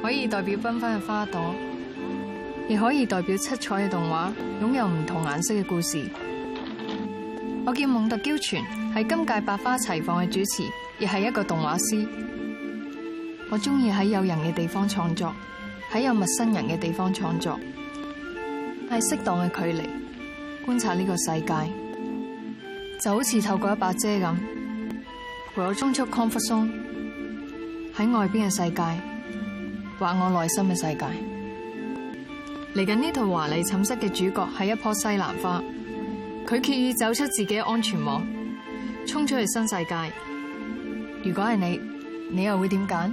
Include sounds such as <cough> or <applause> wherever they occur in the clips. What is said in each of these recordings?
可以代表繽紛嘅花朵，亦可以代表七彩嘅動畫，擁有唔同顏色嘅故事。我叫夢特嬌泉，係今屆百花齊放嘅主持，亦係一個動畫師。我中意喺有人嘅地方創作，喺有陌生人嘅地方創作，係適當嘅距離觀察呢個世界，就好似透過一把遮咁。陪我衝出 comfort zone 喺外邊嘅世界。畫我內心嘅世界。嚟緊呢套華麗寢室嘅主角係一棵西蘭花，佢決意走出自己嘅安全網，衝出去新世界。如果係你，你又會點揀？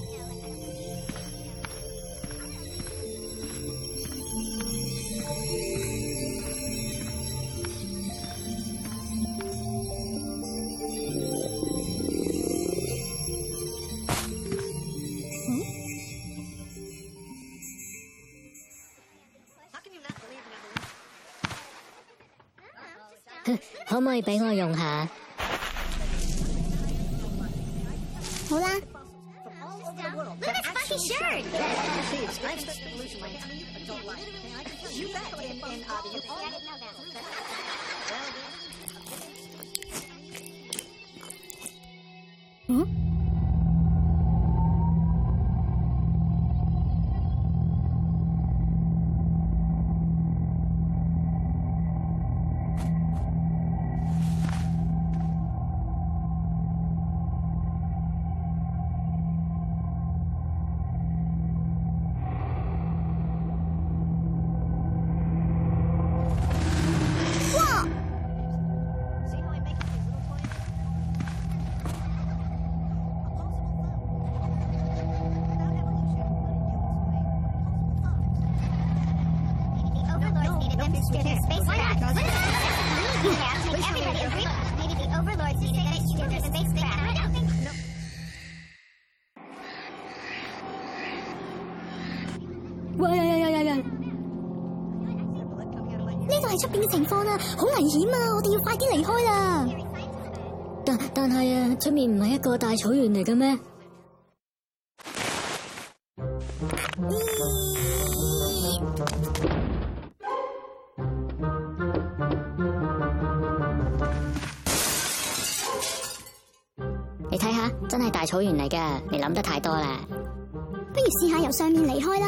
可以俾我用下。好啦。喂、 <music> 哎、呀呀呀、no. <music> 嗯、呀！呢度係出面嘅情況啊，好危險啊！我哋要快啲離開啦。但但係啊，出面唔係一個大草原嚟嘅咩？睇下，真係大草原嚟㗎，你諗得太多啦。不如試下由上面離開啦。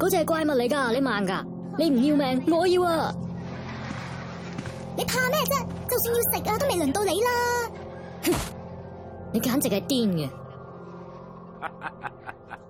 嗰隻係怪物嚟噶，你慢噶，你唔要命，我要啊！你怕咩啫？就算要食啊，都未輪到你啦！ <laughs> 你簡直係癲嘅。 <laughs>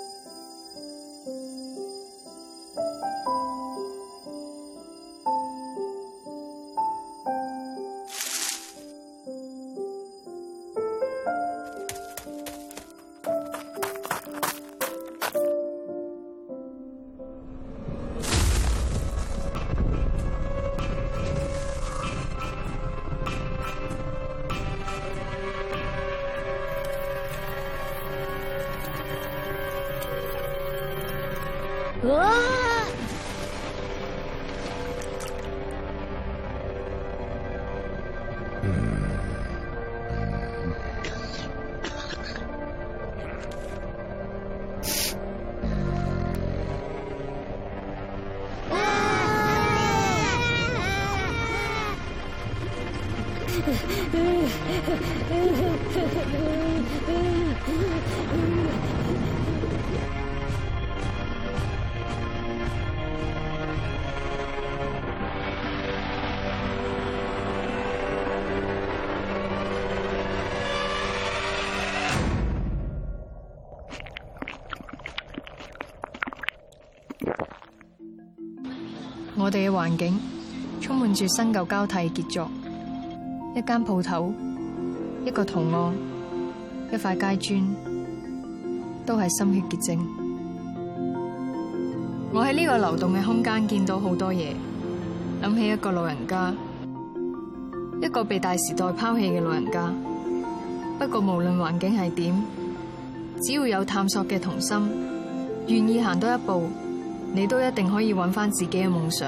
環境充滿住新舊交替傑作，一間鋪頭，一個圖案，一塊街磚，都係心血結晶。我喺呢個流動嘅空間見到好多嘢，諗起一個老人家，一個被大時代拋棄嘅老人家。不過無論環境係點，只要有探索嘅童心，願意行多一步，你都一定可以搵翻自己嘅夢想。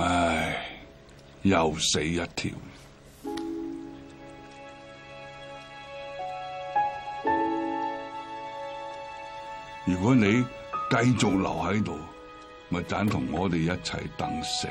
唉，又死一條。如果你繼續留喺度，咪等同我哋一齊等死。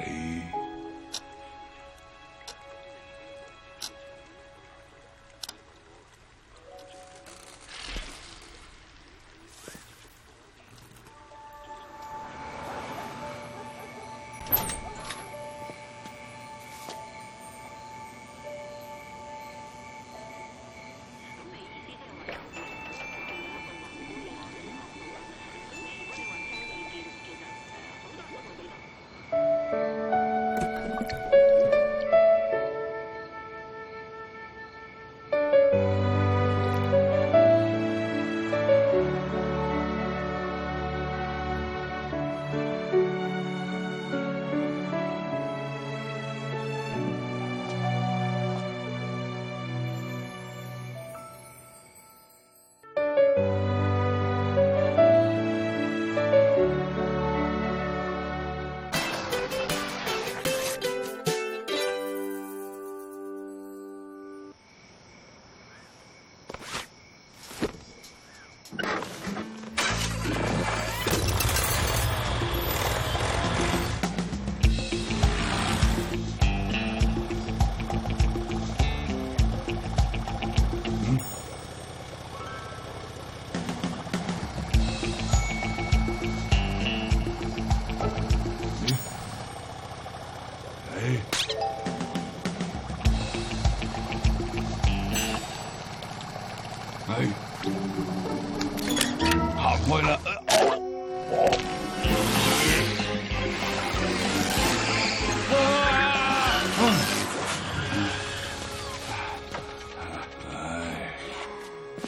唉，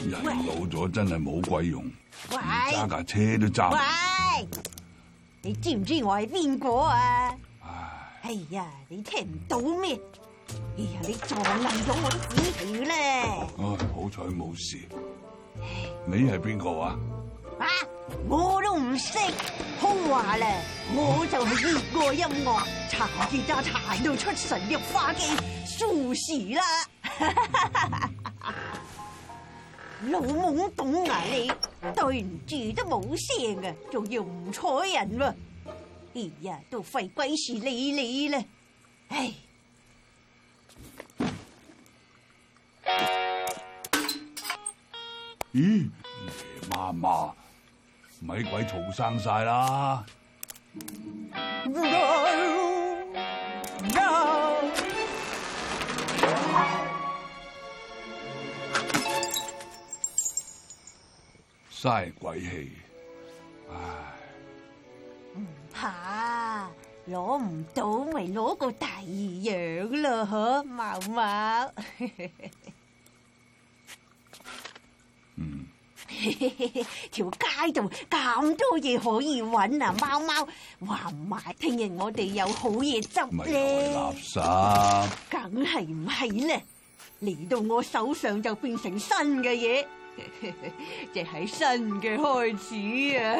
人老咗真係冇鬼用，揸架喂車都揸唔到。喂，你知唔知我係邊個啊唉？唉，哎呀，你聽唔到咩？哎呀，你撞爛咗我啲紙皮啦！唉，好彩冇事。你係邊個啊？啊！我都唔識空話啦，我就係熱愛音樂，彈吉他彈到出神入化嘅，輸時啦。 <laughs> 嗯嗯、老懵懂啊！哎、呀你對唔住都冇聲啊，仲要唔睬人喎，而家都費鬼事理你啦。唉，咦、嗯嗯欸，媽媽？咪鬼嘈生晒啦！唔好！唔好！嘥鬼氣，唉！唔怕，攞唔到咪攞個第二樣咯，呵茂茂。條街度咁多嘢可以揾啊，貓貓話唔埋，聽日我哋有好嘢執咧，垃圾梗係唔係咧？嚟到我手上就變成新嘅嘢，即係新嘅開始啊！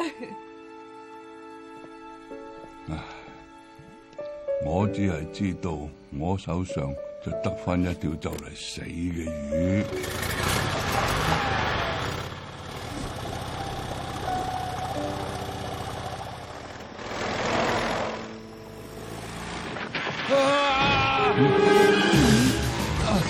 我只係知道，我手上就得翻一條就嚟死嘅魚。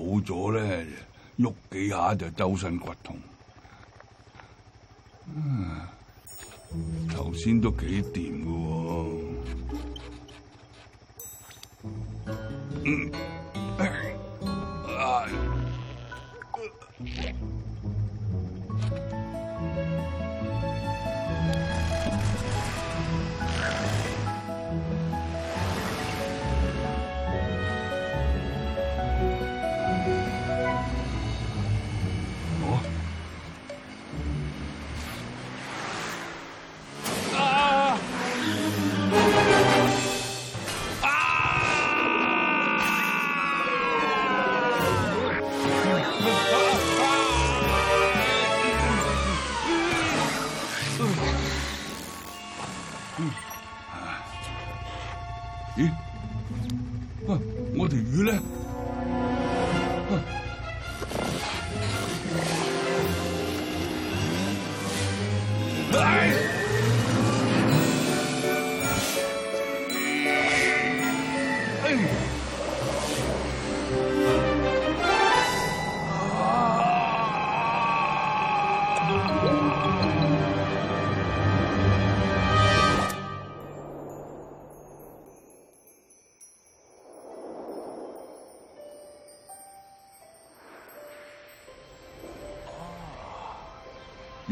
冇咗咧，喐幾下就周身骨痛。頭先都幾掂㗎喎。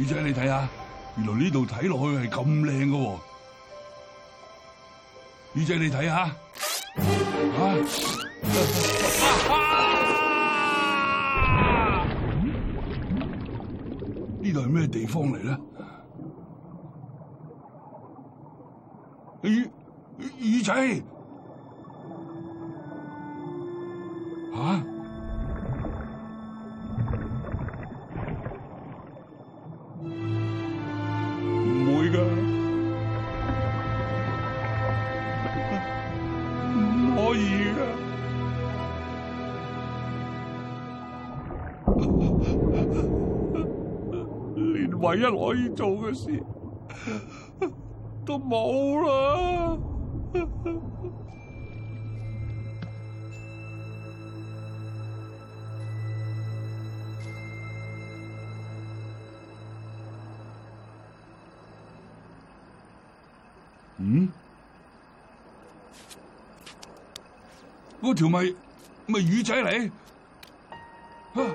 魚仔，你睇下，原來呢度睇落去係咁靚㗎喎。魚仔，你睇下，吓、哎，呢度係咩地方嚟咧？魚、啊、仔。一攞以做嘅事都冇啦。嗯？嗰條咪咪魚仔嚟？啊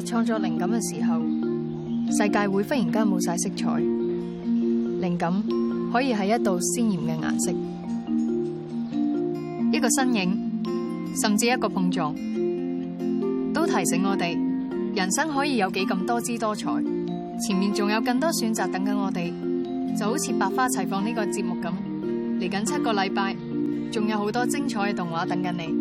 喺創作靈感嘅時候，世界會忽然間冇晒色彩。靈感可以係一道鮮艷嘅顏色，一個身影，甚至一個碰撞，都提醒我哋，人生可以有幾咁多姿多彩。前面仲有更多選擇等緊我哋，就好似《百花齊放》呢個節目咁，嚟緊七個禮拜，仲有好多精彩嘅動畫等緊你。